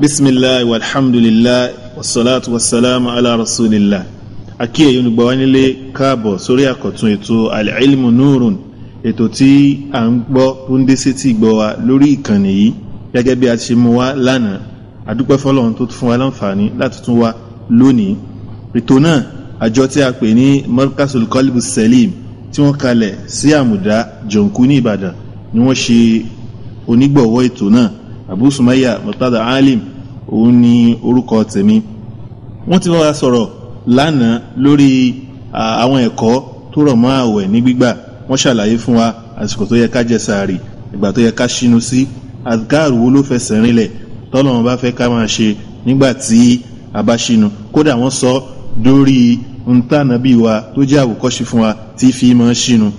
bisimilahi walhamdulilahi wasalaatu wasalaamu ala rasulillah akíyè yìí olùgbà wa nílé káàbọ̀ sórí àkọ́tún ètò alilmu nurun ètò tí à ń gbọ́ tó ń dé sétí gbọ́ wa lórí ìkànnì yìí gẹ́gẹ́ bí a ti ṣe mú wa lánàá àdúpẹ́ fọlọ́run tó fún wa láǹfààní láti tún wa lónìí ètò náà àjọ tí a pè ní markasul kọlibu selim tí wọ́n kalẹ̀ sí àmùdá jọǹkú ní ìbàdàn ni wọ́n ṣe onígbọ̀wọ́ ètò náà abu sumayya murtada alim òun ni orúkọ tèmi wọ́n ti bá wa sọ̀rọ̀ lánàá lórí àwọn ẹ̀kọ́ tó rọ̀ mọ́ àwẹ̀ ní gbígbà wọ́n ṣàlàyé fún wa àsìkò tó yẹ ká jẹ sàárì ìgbà tó yẹ ká ṣínú sí àdìgáàrú wo ló fẹsẹ̀ rinlẹ̀ tọ́lọ́run bá fẹ́ ká máa ṣe nígbà tí a bá ṣínú kódà wọ́n sọ dórí ntànàbí wa tó jẹ́ àwòkọ́ṣe fún wa tí fi máa ṣínú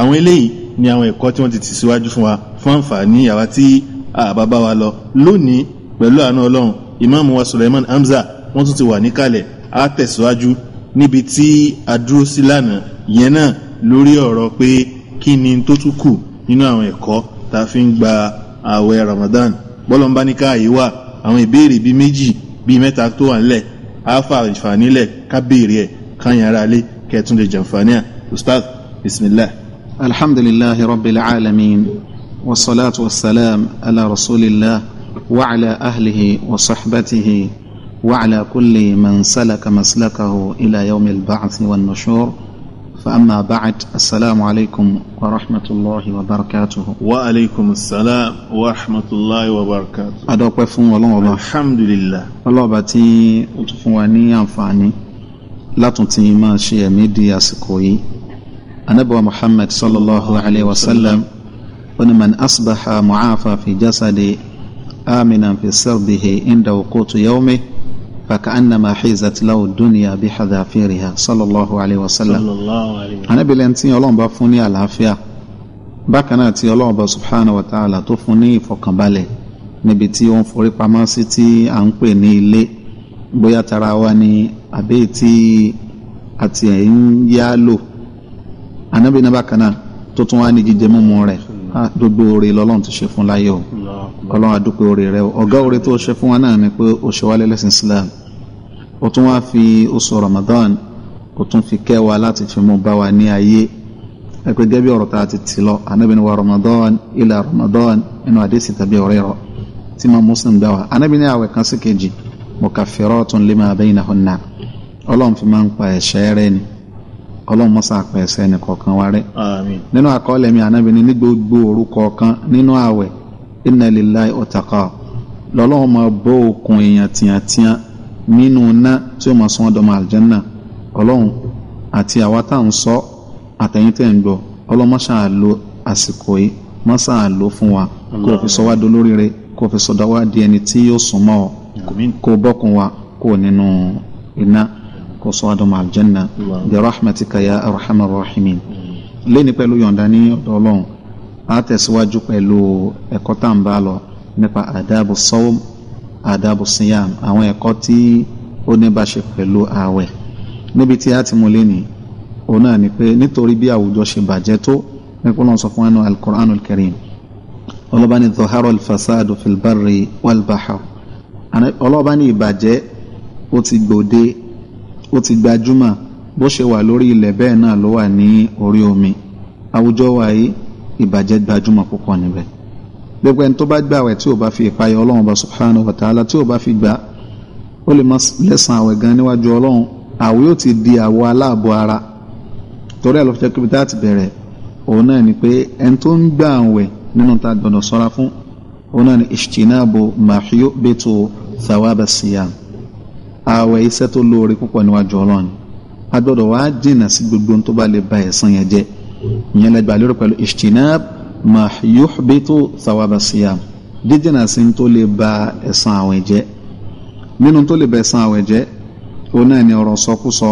àwọn eléyìí ni àwọn ẹ̀kọ́ tí wọ́n ti tì síwájú fún wa fún àǹfààní àwa tí Ah, àbábá wa lọ lónìí pẹ̀lú àánú ọlọ́run ìmáàmù wa Suleiman Hamza wọ́n tún ti wà níkàlẹ̀ á tẹ̀síwájú níbi tí a dúró sí lánàá yẹn náà lórí ọ̀rọ̀ pé kí ni tó tún kù nínú àwọn ẹ̀kọ́ tá a fi ń gba ààwẹ̀ Ramadan bọ́lọ́mbá ní wà àwọn ìbéèrè bíi méjì bíi mẹ́ta tó wà nílẹ̀ á fà àǹfààní lẹ̀ ká béèrè ẹ̀ káyàn ara lé kẹ́ẹ̀tún lè jàǹfààní à ustaz bismillah. alhamdulillahi rabbil alamin. والصلاة والسلام على رسول الله وعلى أهله وصحبته وعلى كل من سلك مسلكه إلى يوم البعث والنشور فأما بعد السلام عليكم ورحمة الله وبركاته وعليكم السلام ورحمة الله وبركاته أدوك فون والله الحمد لله الله باتي وتفواني أنفاني لا تنتهي ما شيء ميدي أسكوي أنبوى محمد صلى الله عليه وسلم ó ní man asbaha mu'afa fi jasadi aminan fi sirbihi inda wuqutu yawmi fakaanama hizat lahu dunya bi hadhafiriha sallallahu alayhi wa sallam anábìlẹ̀ ntí ọlọ́run bá fún ní àlàáfíà bákan náà tí ọlọ́run bá subhanahu wa ta'ala tó fún ní ìfọkànbalẹ̀ níbi tí ó ń forí pamọ́ sí tí à ń pè ní ilé bóyá tara wa ni àbí tí àti ẹ̀ ń yá lò anábìnrin bákan náà tó tún wá ní jíjẹ mímu rẹ̀ gbogbo oore lọ́lọ́run ti ṣe fún láyé o ọlọ́run àdúpẹ́ oore rẹ o ọ̀gá oore tó ṣe fún wa náà ni pé o ṣe wá lẹ́lẹ́sìn Islam o tún wá fi oṣù Ramadan o tún fi kẹ́ wa láti fi mú bá wa ní ayé ẹgbẹ́ gẹ́gẹ́ bí ọ̀rọ̀ tá ti tì lọ anábì ni wa Ramadan ila Ramadan inú àdéhìsì tàbí ọ̀rẹ́ rọ tí ma Muslim gbà wá anábì ni àwẹ̀ kan sí kejì mukaffiratun lima bainahunna ọlọ́run fi máa ń pa ẹ̀ṣẹ̀ rẹ ni ọlọ́run mọ́sá pẹ̀ ẹsẹ̀ ẹnì kọ̀ọ̀kan wa rẹ̀. nínú àkọọ́lẹ̀ mi ànábi ni ní gbogbo òru kọ̀ọ̀kan nínú ààwẹ̀ inna lillahi ọ̀tàkà lọ́lọ́run máa bọ́ okùn èèyàn tìyàntìyàn nínú iná tí ó máa sún ọdọ máa àlùjánnà ọlọ́run àti àwa tá à ń sọ àtẹ̀yìn tẹ̀ ń gbọ́ ọlọ́run mọ́sá lo àsìkò yìí mọ́sá lo fún wa kó o fi sọ wá dolórí rẹ kó o fi sọdọ̀ wá di ẹni tí yóò sún mọ́ ọ kó o bọ́kùn wa kó o nínú iná kóso àdùnmọ̀ aljanna bi rahmatika ya arhamar rahimin léni pẹ̀lú yọ̀ǹda ní ọ̀dọ̀ ọlọ́run a tẹ̀síwájú pẹ̀lú ẹ̀kọ́ tá à ń bá lọ nípa àdáàbò sọ́wọ́m àdáàbò síyàm àwọn ẹ̀kọ́ tí ó ní bá ṣe pẹ̀lú ààwẹ̀ níbi tí a ti mú léni òun náà ni pé nítorí bí àwùjọ ṣe bàjẹ́ tó nípa lọ́n sọ fún ẹnu al-Qur'anul ọlọ́ba ní dhahara fasadu fil barri ọlọ́ba ní ìbàjẹ́ ó ti gbòde ó ti gbajúmọ̀ bó ṣe wà lórí ilẹ̀ bẹ́ẹ̀ náà ló wà ní orí omi àwùjọ wa yìí ìbàjẹ́ gbajúmọ̀ púpọ̀ níbẹ̀ gbogbo ẹni tó bá gbà wẹ̀ tí ò bá fi ìpayà ọlọ́run bá subhanahu wa tí ò bá fi gbà ó lè má lẹ́sàn àwẹ̀ gan níwájú ọlọ́run àwẹ̀ ó ti di àwọ̀ aláàbọ̀ ara torí ẹ̀ ló fi jẹ́ kíbi tá a òun náà ni pé ẹni tó ń gbà wẹ̀ nínú ta gbọ́dọ̀ sọ́ra fún òun náà ni ìṣìnàbò màhíó bẹ́tò thawaba ààwẹ̀ iṣẹ́ tó lóore púpọ̀ níwájú ọlọ́run a gbọ́dọ̀ wá jìnnà sí gbogbo tó bá lè ba ẹ̀san yẹn jẹ́ ìyẹn lè gbà lérò pẹ̀lú ishtinab ma yuhbitu thawaba siyam jíjìnnà sí tó lè ba ẹ̀san àwẹ̀ jẹ́ nínú tó lè ba ẹ̀san àwẹ̀ jẹ́ òun náà ni ọ̀rọ̀ sọkúsọ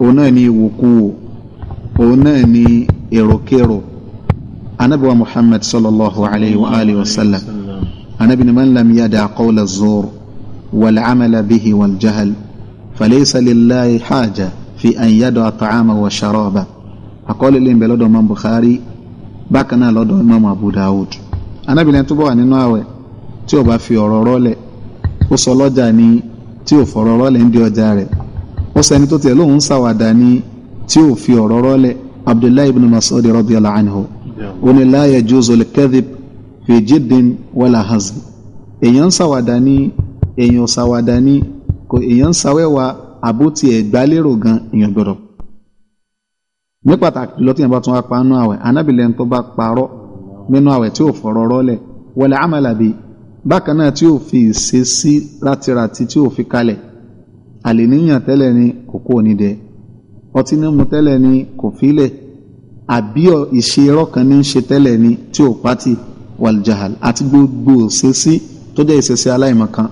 òun náà ni ìwòkúwò òun náà ni èròkérò anabi wa sallallahu alayhi wa sallam anabi ni man lam yada qawla zoro والعمل به والجهل فليس لله حاجة في أن يدع طعامه وشرابه أقول لهم بلدو من بخاري بكنا لدو إمام أبو داود أنا بلين تبوا عن نواوي tí o bá fi ọ̀rọ̀ rọ́lẹ̀ ó sọ lọ́jà ni tí o fọ̀rọ̀ rọ́lẹ̀ ń di ọjà rẹ̀ ó sọ ẹni tó tiẹ̀ lóun ń ṣàwàdà ni tí o fi ọ̀rọ̀ rọ́lẹ̀ abdullahi ibn mas'ud radiyallahu anhu ó ní la yajuzu al-kadhib fi jiddin wala hazb èèyàn ń ṣàwàdà ni èèyàn ṣàwàdà ni kò èèyàn ṣàwẹ́wà àbó tiẹ̀ gbálérò gan èèyàn gbọ́dọ̀. ní pàtàkì lọ́tí yẹn bá tún wá pa nínú àwẹ̀ anábìlẹ̀ tó bá parọ́ nínú àwẹ̀ tí ò fọ̀rọ̀ rọ́lẹ̀ wọlé amalabi bákan náà tí ò fi ìṣe sí rátiràti tí ò fi kalẹ̀ àlè níyàn tẹ́lẹ̀ ni kò kó òní dẹ ọtí mímu tẹ́lẹ̀ ni kò fílẹ̀ àbí ìṣe irọ́ kan ní í ṣe tẹ́lẹ̀ ni tí ò pátì wàlìjàhàl àti gbogbo òṣèṣì tó jẹ́ ìṣẹ̀ṣẹ̀ aláìmọ̀kan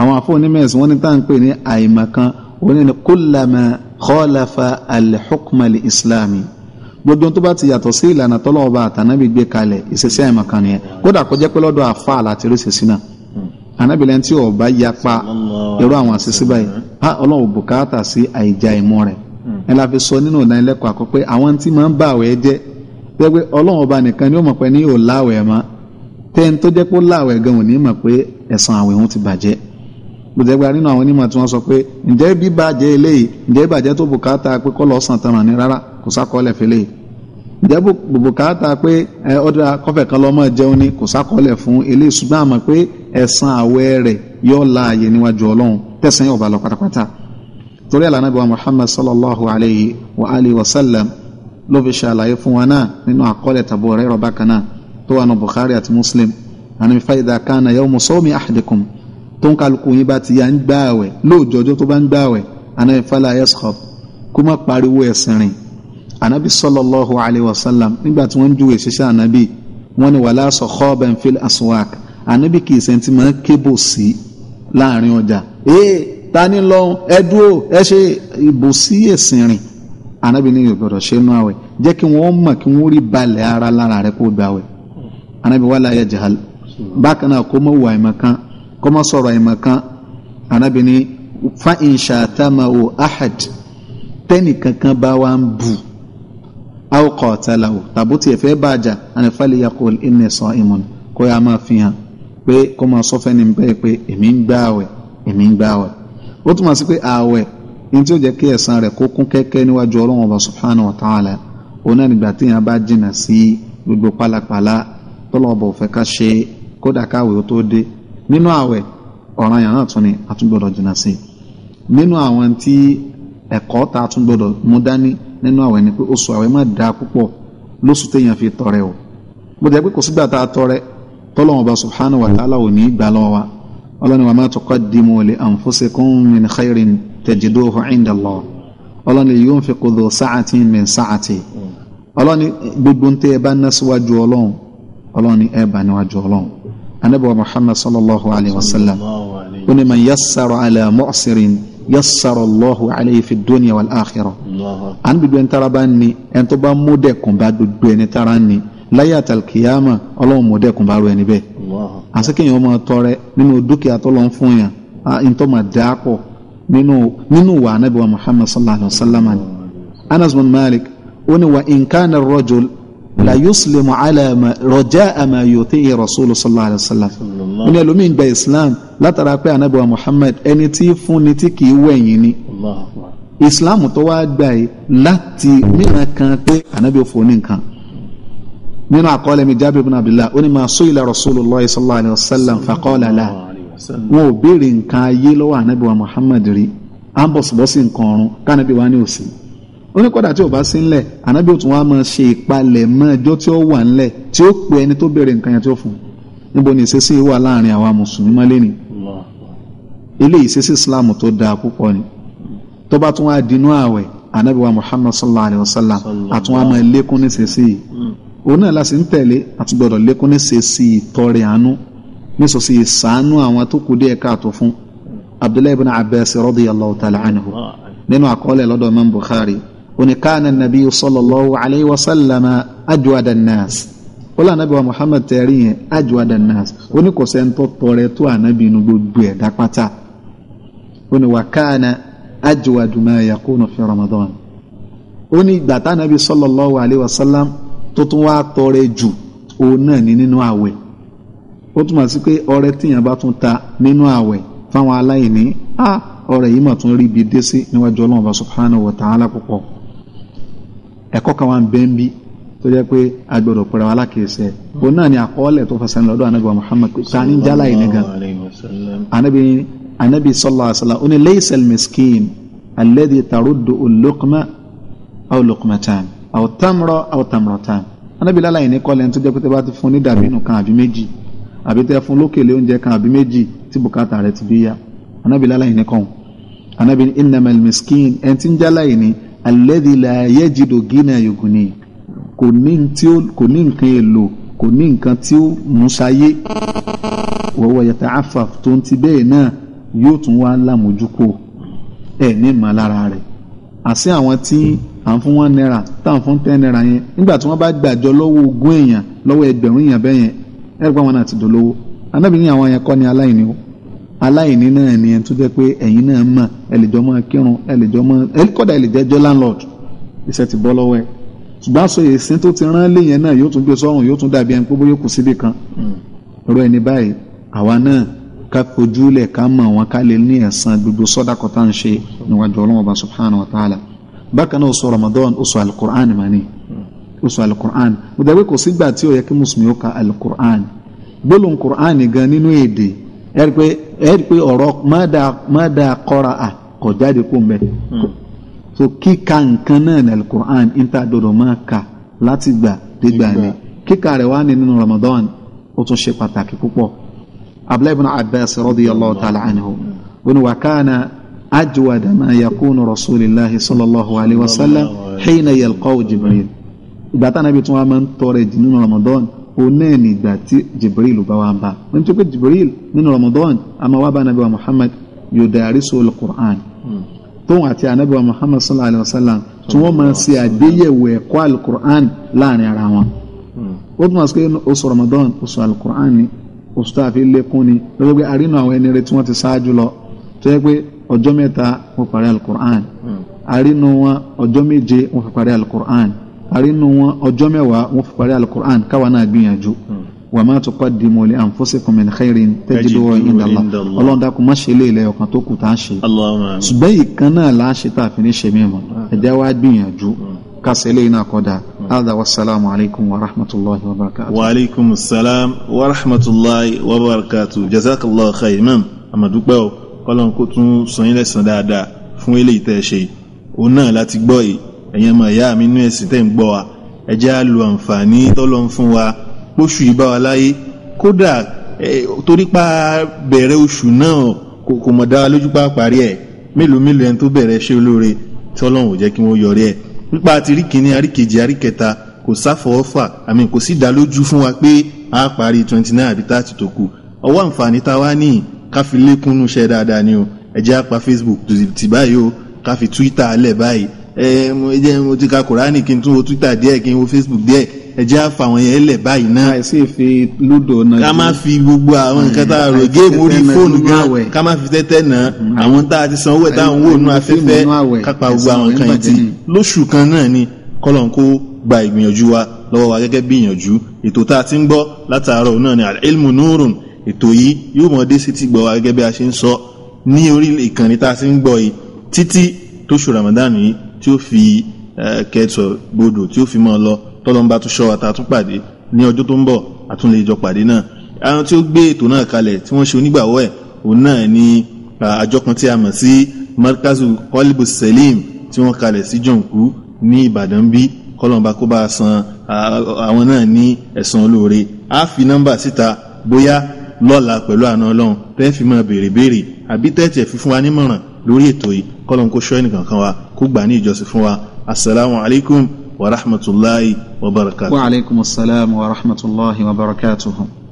àwọn afọ onímẹ̀sìn wọ́n ní tá à ń pè ní àìmọ̀kan òun ní kullama khalafa al-hukma al-islami gbogbo tó bá ti yàtọ̀ sí ìlànà tọ́lọ́wọ́ bá àtànábì gbé kalẹ̀ ìṣesí àìmọ̀kan nìyẹn kódà kó jẹ́ pé lọ́dọ̀ àfa àlàtí ló ṣèṣì náà anábìlẹ̀ tí ò bá yapa irú àwọn àṣìṣe báyìí á ọlọ́run bùkátà sí àìjà ìmọ̀ rẹ̀ ẹ la fi sọ nínú ọ̀nà ẹlẹ́kọ̀ọ́ àkọ́ pé àwọn tí máa ń bá àwẹ̀ jẹ́ jẹ́ pé ọlọ́run ọba nìkan ni ó mọ̀ pé ní ò láwẹ̀ mọ́ tẹ́ni tó jẹ́ pé ó láwẹ̀ gan-an mọ̀ pé ẹ̀san àwẹ̀ òun ti bàjẹ́ gbọdẹgba nínú àwọn onímọ̀ tí wọ́n sọ pé ǹjẹ́ bíbàjẹ́ eléyìí ǹjẹ́ bíbàjẹ́ tó bùkátà pé kọ́ lọ sàn tán ní rárá kò sákọọ́lẹ̀ fẹlẹ́ yìí ǹjẹ́ bùkátà pé ọ̀dà kọfẹ̀ kan lọ́mọ jẹun ni kò sákọọ́lẹ̀ fún eléyìí ṣùgbọ́n àmọ́ pé ẹ̀san àwẹ̀ rẹ̀ yóò la àyè níwájú ọlọ́run tẹ̀sán yóò bá lọ pátápátá torí àlànà bí wa Muhammad sallallahu alayhi wa tó ń kálukú yín bá ti yá ń gbà àwẹ̀ lóòjọ́ ọjọ́ tó bá ń gbà àwẹ̀ anabi fala yaskhab kó má pariwo ẹ̀sìn rìn anabi sallallahu alayhi wa sallam nígbà tí wọ́n ń júwèé ṣiṣẹ́ anabi wọ́n ní wàlá sọ̀kọ́ọ̀bẹ̀n fil aswak anabi kì í sẹ́ńtì máa ń kébò sí láàrin ọjà ee ta ni lọ ẹ dúró ẹ ṣe ìbò sí ẹ̀sìn rìn anabi ní ìgbọ̀dọ̀ ṣe nú àwẹ̀ jẹ́ kí wọ́n mọ̀ kí wọ́n rí balẹ̀ ara lára rẹ̀ kó gbà àwẹ̀ anabi wàlá yajhal bákan náà kó mọ̀ wà ìmọ̀ kan kọ́mọ sọ̀rọ̀ ìmọ̀ kan ànábì ní fa ìṣàtàmàwò ahad tẹ́nì kankan bá wa ń bù àwòkọ̀ ọ̀tàlàwò tàbó tiẹ̀ fẹ́ bá àjà ànífàlẹ̀ yakọ̀ ẹnì sọ ìmọ̀ kó yà máa fi hàn pé kọ́mọ sọ́fẹ́ni bẹ́ẹ̀ pé èmi ń gbà àwẹ̀ èmi ń gbà àwẹ̀ ó túmọ̀ sí pé àwẹ̀ ní tí ó jẹ́ kí ẹ̀san rẹ̀ kó kún kẹ́kẹ́ níwájú ọlọ́run ọba subhanahu wa ta'ala òun náà nígbà téèyàn bá jìnnà sí gbogbo pálapàla tọ́lọ́ ọba òfẹ́ ká ṣe kódà káwé ó tó dé nínú àwẹ̀ ọ̀ràn yàrá tún ni a tún gbọ́dọ̀ jìnnà sí i nínú àwọn tí ẹ̀kọ́ tá a tún gbọ́dọ̀ mú dání nínú àwẹ̀ ni pé oṣù àwẹ̀ má dáa púpọ̀ lóṣù téèyàn fi tọrẹ o bó jẹ́ pé kò sígbà tá a tọrẹ tọ́lọ́wọ́n bá subhanahu wa ta'ala ò ní í gbà lọ́wọ́ wa ọlọ́ni wa ma tuqaddimu li anfusikum min khairin tajiduhu inda Allah ọlọ́ni yunfiqu dhu sa'atin min sa'ati ọlọ́ni gbogbo ń ẹ bá ná síwájú ọlọ́run ọlọ́ni ẹ bá níwájú ọlọ́run anabi wa muhammad sallallahu alayhi wa sallam ó ní man yassara ala mu'sirin yassara allahu alayhi fi dunya wal akhirah àni dúdú ẹni tara bá ń ni ẹni tó bá mú dẹkùn bá dúdú ẹni tara ń ni láyé àtàlùkìyàmà ọlọ́run mú dẹkùn bá rú ẹni bẹ́ẹ̀ àsìkéyàn ọmọ tọrẹ nínú dúkìá tó lọ ń fún yàn ntọ́ ma dáa pọ̀ nínú nínú wa anabi wa muhammad sallallahu alayhi wa sallam anas bin malik ó wa in kana ar la yuslimu ala ma rọjá àmà yòóté rasulu sallallahu alayhi wa sallam ní ẹlòmíín gba islam látara pé anabi wa muhammad ẹni tí fúnni tí kì í wẹ̀yìn ni islam tó wá gbà yìí láti mìíràn kan pé anabi ò fún ní nǹkan nínú àkọọ́lẹ̀ mi jábìrì bin abdullah ó ní ma su'ila rasulullah sallallahu alayhi wa sallam faqala la wọn ò béèrè nǹkan ayé lọ́wọ́ anabi muhammad rí ambos bọ́sì nǹkan ọ̀run kánabi ni ò sí ó ní kọ́dà tí ò bá sí ńlẹ̀ ànábì ò tún wá máa ṣe ìpalẹ̀ mọ́ ẹjọ́ tí ó wà ńlẹ̀ tí ó pe ẹni tó béèrè nǹkan yẹn tí ó fún un níbo ni ìṣesí wà láàrin àwa mùsùlùmí mọ́lẹ́ ni ilé ìṣesí islam tó dáa púpọ̀ ni tó bá tún wá dinú ààwẹ̀ ànábì wa muhammad sallallahu alayhi wa sallam àtún wá máa lékún ní ìṣesí yìí òun náà láti ń tẹ̀lé àti gbọ́dọ̀ lékún ní ìṣesí ìtọrẹ àánú nísòsí ìsàánú àwọn tó kù díẹ̀ káàtó fún abdullahi ibn abbas radiyallahu ta'ala anhu nínú àkọọ́lẹ̀ lọ́dọ̀ imam bukhari oníkàánà nàbí sallallahu alayhi wa sallam ajwadan nas wọ́n lànà bí wa Muhammad tẹ̀rí yẹn ajwadan nas oníkọ̀sẹ́ntọ́ tọrẹ tó ànábì inú gbogbo ẹ̀ dápátá oní wàkàánà ajwadu ma yakunu fi Ramadan oní ìgbà tánàbí sallallahu alayhi wa sallam tó tún wá tọrẹ jù òun náà ní nínú àwẹ̀ ó túmọ̀ sí pé ọrẹ tíyàn bá tún ta nínú àwẹ̀ fáwọn aláìní ọrẹ yìí mà tún rí ibi dé sí níwájú Ọlọ́run bá subhanahu wa ta'ala púpọ̀ ẹ̀kọ́ kan wà ń bẹ́ẹ̀ bí tó jẹ́ pé a gbọ́dọ̀ pẹ̀rẹ̀ wọn alákìíṣẹ́ o náà ni àkọọ́lẹ̀ tó fẹsẹ̀ ń lọ́dọ̀ anabi wa muhammad ta ni jala yìí nìkan anabi anabi sallallahu alaihi wasallam oní laysal miskin alladhi taruddu olókùnmá aw luqmatan aw tamra aw tamratan anabi lala yìí ní kọ́lẹ̀ tó jẹ́ pé tẹ́ bá ti fún ní dàbínù kan àbí méjì àbí tẹ́ fún lókèlè oúnjẹ kan àbí méjì tí bùkátà rẹ̀ ti bí ya anabi lala yìí ní kọ́ anabi innamal miskin ẹni tí ń jala yìí ní alẹ́dí la yẹ́jìdò gínà yògùnì kò ní nǹkan èlò kò ní nǹkan tí ó múṣayé wọ́wọ́ yàtọ̀ afaf tó ń ti bẹ́ẹ̀ náà yóò tún wá lámójúkò ẹ̀ ní ìmọ̀lára rẹ̀ àṣé àwọn tí à ń fún wọn náírà tá à ń fún tẹ́ náírà yẹn nígbà tí wọ́n bá gbàjọ lọ́wọ́ ogún èèyàn lọ́wọ́ ẹgbẹ̀rún èèyàn bẹ́ẹ̀ yẹn ẹ̀rọ pé àwọn náà ti dolówó anábìrin àwọn yẹn kọ́ ni aláìní o aláìní náà ni ẹ tó jẹ́ pé ẹ̀yin náà mọ̀ ẹ lè jọ máa kírun ẹ lè jọ máa ẹ kọ́dà ẹ lè jẹ́jọ́ landlord iṣẹ́ ti bọ́ lọ́wọ́ ẹ̀ ṣùgbọ́n aṣọ ìsìn tó ti rán lé yẹn náà yóò tún gbé e sọ́run yóò tún dàbí ẹni pé bóyá kù síbì kan ọ̀rọ̀ ẹni báyìí àwa náà ká fojúlẹ̀ ká mọ̀ wọn ká lè ní ẹ̀san gbogbo sọ́dàkọ̀ tá à ṣe níwájú ọlọ́run subhanahu wa ta'ala bákan náà oṣù ramadan oṣù alukur'an mani oṣù alukur'an mo dàgbé kò sígbà tí ó yẹ kí mùsùlùmí ó ka alukur'an gbólóhùn kur'an gan nínú èdè ẹ̀rí pé ẹ̀rí pé ọ̀rọ̀ má dáa kọ́ra à kọ̀ jáde kó mbẹ́ hmm. so kíka nǹkan náà ní alukur'an níta dodo máa ka láti gbà dégbà ni kíka rẹ̀ wá ní nínú Ramadan ó tún ṣe pàtàkì púpọ̀ Abdullahi ibn Abbas radiyallahu ta'ala anhu wọn wà kánà ajwada ma yakunu rasulillahi sallallahu alayhi wa sallam hina yalqaw Jibril ìgbà táwọn ibi tí wọn máa ń tọrẹ jù nínú Ramadan òun náà nígbà tí jibril bá wà bá wọn tó pé jibril nínú ramadan àmọ́ wà bá anabi wa muhammad yudarisu al-Qur'an hmm. tóun àti anabi wa muhammad sallallahu alayhi wa sallam tí wọ́n máa ṣe àgbéyẹ̀wò ẹ̀kọ́ al-Qur'an láàrin ara wọn. Hmm. ó tún wá sí pé oṣù ramadan oṣù al-Qur'an ni oṣù tó àfi lékún ni lọ́wọ́ pé arínú àwọn ẹni rẹ tí wọ́n ti ṣáájú lọ tó yẹ pé ọjọ́ mẹ́ta wọ́n parí al-Qur'an hmm. wọn ọjọ́ méje wọ́n fi parí al àrínú wọn ọjọ́ mẹ́wàá wọ́n fi parí alukur'an káwa náà gbìyànjú wà má tuqaddimu li anfusikum min khairin tajiduhu inda Allah ọlọ́run dákun má ṣe lé ilẹ̀ ọ̀kan tó kù tá a ṣe ṣùgbọ́n ìkan náà là á ṣe tá a fi ní ṣe mí mọ́ ẹ̀jẹ̀ wá gbìyànjú kásẹ̀ lé iná kọ́dà هذا والسلام عليكم ورحمة الله وبركاته وعليكم السلام ورحمة الله وبركاته جزاك الله خير mẹ́m àmàdúpẹ́ o kọ́lọ́n kó tún sọ yín lẹ́sàn dáadáa fún eléyìí tẹ́ ṣe òun náà láti gbọ́ yìí ẹ̀yin ọmọ ìyá mi nínú ẹ̀sìn tẹ́ ń gbọ́ wa ẹ jẹ́ á lo àǹfààní tọ́lọ́ ń fún wa pósù yìí bá wa láyé kódà torí pa bẹ̀rẹ̀ oṣù náà kò mọ̀ dá wa lójú pa parí ẹ̀ mélòó mélòó ẹni tó bẹ̀rẹ̀ ṣe olóore tọ́lọ́run ò jẹ́ kí wọ́n yọrí ẹ̀ nípa àti rí kínní àríkejì àríkẹta kò sáfọ̀ọ́fà àmì kò sì dá lójú fún wa pé a parí twenty nine àbí thirty tó kù ọwọ́ àǹfààní tá a wá ní káfi lékúnnú ṣe dáadáa ni o ẹ jẹ́ á Facebook tì báyìí o káfi Twitter alẹ̀ báyìí ẹ jẹ́ mo ti ka kuraani kí n tún wo twitter díẹ̀ kí n wo facebook díẹ̀ ẹ jẹ́ àfà wọn yẹn lẹ̀ báyìí náà. àìsí fi lúdò náà. ká má fi gbogbo àwọn nǹkan tá a rò géèmù orí fóònù gan ká má fi tẹ́tẹ́ náà àwọn tá a ti sanwó ẹ̀ táwọn wò nú afẹ́fẹ́ kápá gbogbo àwọn nǹkan yìí ti lóṣù kan náà ni kọ́lọ̀ ń kó gba ìgbìyànjú wa lọ́wọ́ wa gẹ́gẹ́ bí ìyànjú ètò tá a ti ń gbọ́ látàárọ̀ náà ni ilmu nurun ètò yìí yóò mọ̀ dé sí ti gbọ́ wa gẹ́gẹ́ bí a ṣe ń sọ ní orí ìkànnì tá a ti ń gbọ́ yìí títí tóṣù Ramadan yìí tí ó fi kẹsọ̀ gbòdò tí ó fi mọ́ ọ lọ tọ́lọ́mbà tún ṣọ́ ata tún pàdé ní ọjọ́ tó ń bọ̀ àtúnlé ìjọ pàdé náà àwọn tí ó gbé ètò náà kalẹ̀ tí wọ́n ṣe onígbàwọ́ ẹ̀ òun náà ni àjọ kan tí a mọ̀ sí markazu kọlibu selim tí wọ́n kalẹ̀ sí jọǹkú ní ìbàdàn bí kọlọmba kó bá san àwọn náà ní ẹ̀san olóore a fi nọ́mbà síta bóyá lọ́la pẹ̀lú àna ọlọ́run tẹ́ fi máa béèrè béèrè àbí tẹ́tẹ̀ fi wa nímọ̀ràn lórí ètò yìí kọ́lọ́n kó ṣọ́ ẹnìkan kan wa kó gbà ní ìjọsìn fún wa asalaamu alaykum wa rahmatulahi wa barakatuhu. wa aleykum salaam wa rahmatulahi wa barakatuhu.